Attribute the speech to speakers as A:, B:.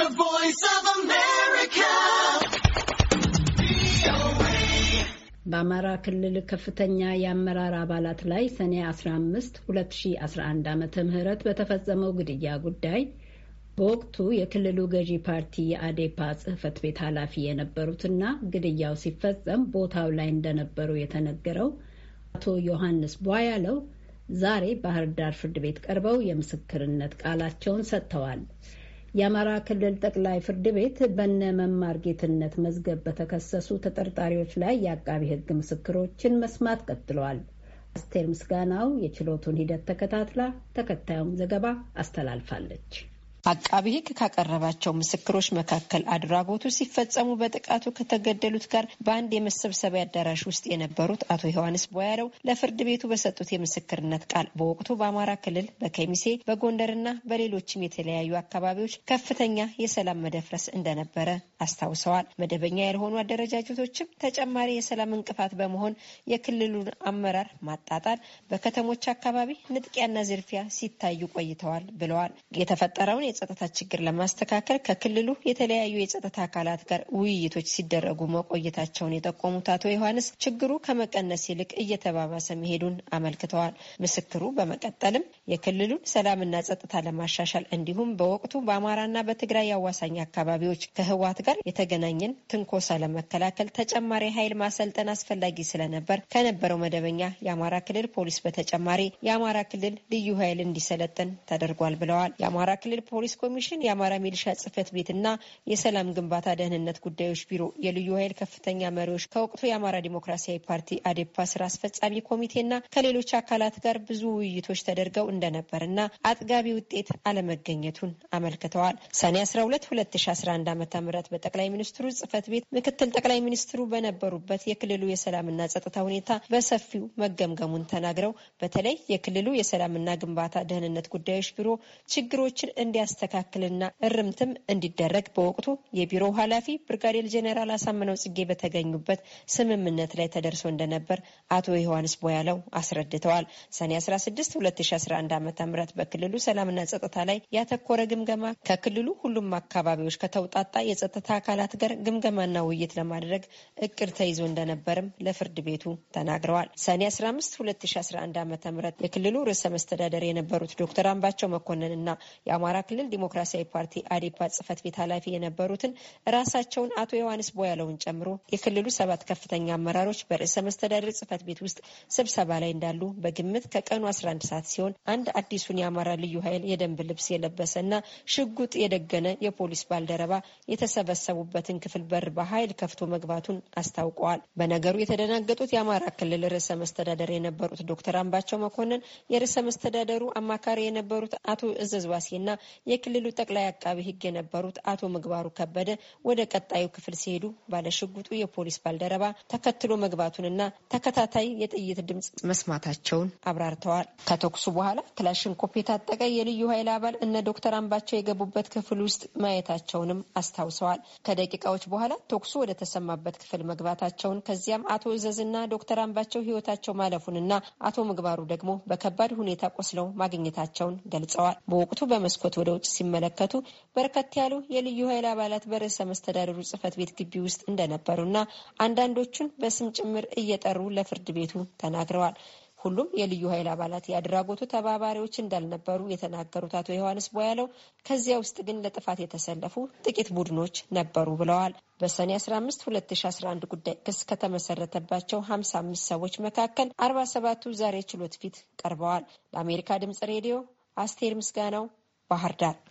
A: The Voice of America. በአማራ ክልል ከፍተኛ የአመራር አባላት ላይ ሰኔ 15 2011 ዓ ም በተፈጸመው ግድያ ጉዳይ በወቅቱ የክልሉ ገዢ ፓርቲ የአዴፓ ጽህፈት ቤት ኃላፊ የነበሩትና ግድያው ሲፈጸም ቦታው ላይ እንደነበሩ የተነገረው አቶ ዮሐንስ ቧያለው ዛሬ ባህር ዳር ፍርድ ቤት ቀርበው የምስክርነት ቃላቸውን ሰጥተዋል። የአማራ ክልል ጠቅላይ ፍርድ ቤት በነ መማር ጌትነት መዝገብ በተከሰሱ ተጠርጣሪዎች ላይ የአቃቢ ሕግ ምስክሮችን መስማት ቀጥለዋል። አስቴር ምስጋናው የችሎቱን
B: ሂደት ተከታትላ ተከታዩን ዘገባ
A: አስተላልፋለች።
B: አቃቢ ሕግ ካቀረባቸው ምስክሮች መካከል አድራጎቱ ሲፈጸሙ በጥቃቱ ከተገደሉት ጋር በአንድ የመሰብሰቢያ አዳራሽ ውስጥ የነበሩት አቶ ዮሐንስ ቦያለው ለፍርድ ቤቱ በሰጡት የምስክርነት ቃል በወቅቱ በአማራ ክልል በከሚሴ በጎንደርና በሌሎችም የተለያዩ አካባቢዎች ከፍተኛ የሰላም መደፍረስ እንደነበረ አስታውሰዋል። መደበኛ ያልሆኑ አደረጃጀቶችም ተጨማሪ የሰላም እንቅፋት በመሆን የክልሉን አመራር ማጣጣል፣ በከተሞች አካባቢ ንጥቂያና ዝርፊያ ሲታዩ ቆይተዋል ብለዋል። የተፈጠረውን የጸጥታ ችግር ለማስተካከል ከክልሉ የተለያዩ የጸጥታ አካላት ጋር ውይይቶች ሲደረጉ መቆየታቸውን የጠቆሙት አቶ ዮሐንስ ችግሩ ከመቀነስ ይልቅ እየተባባሰ መሄዱን አመልክተዋል። ምስክሩ በመቀጠልም የክልሉን ሰላምና ጸጥታ ለማሻሻል እንዲሁም በወቅቱ በአማራና በትግራይ አዋሳኝ አካባቢዎች ከህወሓት ጋር የተገናኘን ትንኮሳ ለመከላከል ተጨማሪ ኃይል ማሰልጠን አስፈላጊ ስለነበር ከነበረው መደበኛ የአማራ ክልል ፖሊስ በተጨማሪ የአማራ ክልል ልዩ ኃይል እንዲሰለጥን ተደርጓል ብለዋል። የአማራ ክልል ፖሊስ ፖሊስ ኮሚሽን የአማራ ሚሊሻ ጽህፈት ቤትና የሰላም ግንባታ ደህንነት ጉዳዮች ቢሮ የልዩ ኃይል ከፍተኛ መሪዎች ከወቅቱ የአማራ ዲሞክራሲያዊ ፓርቲ አዴፓ ስራ አስፈጻሚ ኮሚቴና ከሌሎች አካላት ጋር ብዙ ውይይቶች ተደርገው እንደነበርና አጥጋቢ ውጤት አለመገኘቱን አመልክተዋል። ሰኔ 12 2011 ዓ ም በጠቅላይ ሚኒስትሩ ጽህፈት ቤት ምክትል ጠቅላይ ሚኒስትሩ በነበሩበት የክልሉ የሰላምና ጸጥታ ሁኔታ በሰፊው መገምገሙን ተናግረው በተለይ የክልሉ የሰላምና ግንባታ ደህንነት ጉዳዮች ቢሮ ችግሮችን እንዲያስ እንዲስተካከልና እርምትም እንዲደረግ በወቅቱ የቢሮው ኃላፊ ብርጋዴር ጄኔራል አሳምነው ጽጌ በተገኙበት ስምምነት ላይ ተደርሶ እንደነበር አቶ ዮሐንስ ቦያለው አስረድተዋል። ሰኔ 16 2011 ዓ ም በክልሉ ሰላምና ጸጥታ ላይ ያተኮረ ግምገማ ከክልሉ ሁሉም አካባቢዎች ከተውጣጣ የጸጥታ አካላት ጋር ግምገማና ውይይት ለማድረግ እቅድ ተይዞ እንደነበርም ለፍርድ ቤቱ ተናግረዋል። ሰኔ 15 2011 ዓ ም የክልሉ ርዕሰ መስተዳደር የነበሩት ዶክተር አምባቸው እና የአማራ ክልል ክልል ዲሞክራሲያዊ ፓርቲ አዴፓ ጽህፈት ቤት ኃላፊ የነበሩትን ራሳቸውን አቶ ዮሐንስ ቦያለውን ጨምሮ የክልሉ ሰባት ከፍተኛ አመራሮች በርዕሰ መስተዳድር ጽህፈት ቤት ውስጥ ስብሰባ ላይ እንዳሉ በግምት ከቀኑ 11 ሰዓት ሲሆን አንድ አዲሱን የአማራ ልዩ ኃይል የደንብ ልብስ የለበሰ ና ሽጉጥ የደገነ የፖሊስ ባልደረባ የተሰበሰቡበትን ክፍል በር በኃይል ከፍቶ መግባቱን አስታውቀዋል። በነገሩ የተደናገጡት የአማራ ክልል ርዕሰ መስተዳደር የነበሩት ዶክተር አምባቸው መኮንን፣ የርዕሰ መስተዳደሩ አማካሪ የነበሩት አቶ እዘዝ ዋሴና የክልሉ ጠቅላይ አቃቢ ሕግ የነበሩት አቶ ምግባሩ ከበደ ወደ ቀጣዩ ክፍል ሲሄዱ ባለሽጉጡ የፖሊስ ባልደረባ ተከትሎ መግባቱንና ተከታታይ የጥይት ድምፅ መስማታቸውን አብራርተዋል። ከተኩሱ በኋላ ክላሽንኮፕ የታጠቀ የልዩ ኃይል አባል እነ ዶክተር አምባቸው የገቡበት ክፍል ውስጥ ማየታቸውንም አስታውሰዋል። ከደቂቃዎች በኋላ ተኩሱ ወደ ተሰማበት ክፍል መግባታቸውን ከዚያም አቶ እዘዝና ዶክተር አምባቸው ህይወታቸው ማለፉንና አቶ ምግባሩ ደግሞ በከባድ ሁኔታ ቆስለው ማግኘታቸውን ገልጸዋል። በወቅቱ በመስኮት ወደ ጉዳዮች ሲመለከቱ በርከት ያሉ የልዩ ኃይል አባላት በርዕሰ መስተዳደሩ ጽፈት ቤት ግቢ ውስጥ እንደነበሩና አንዳንዶቹን በስም ጭምር እየጠሩ ለፍርድ ቤቱ ተናግረዋል። ሁሉም የልዩ ኃይል አባላት የአድራጎቱ ተባባሪዎች እንዳልነበሩ የተናገሩት አቶ ዮሐንስ ቦያለው ከዚያ ውስጥ ግን ለጥፋት የተሰለፉ ጥቂት ቡድኖች ነበሩ ብለዋል። በሰኔ 15 2011 ጉዳይ ክስ ከተመሰረተባቸው 55 ሰዎች መካከል 47ቱ ዛሬ ችሎት ፊት ቀርበዋል። ለአሜሪካ ድምጽ ሬዲዮ አስቴር ምስጋናው Pak Hardat.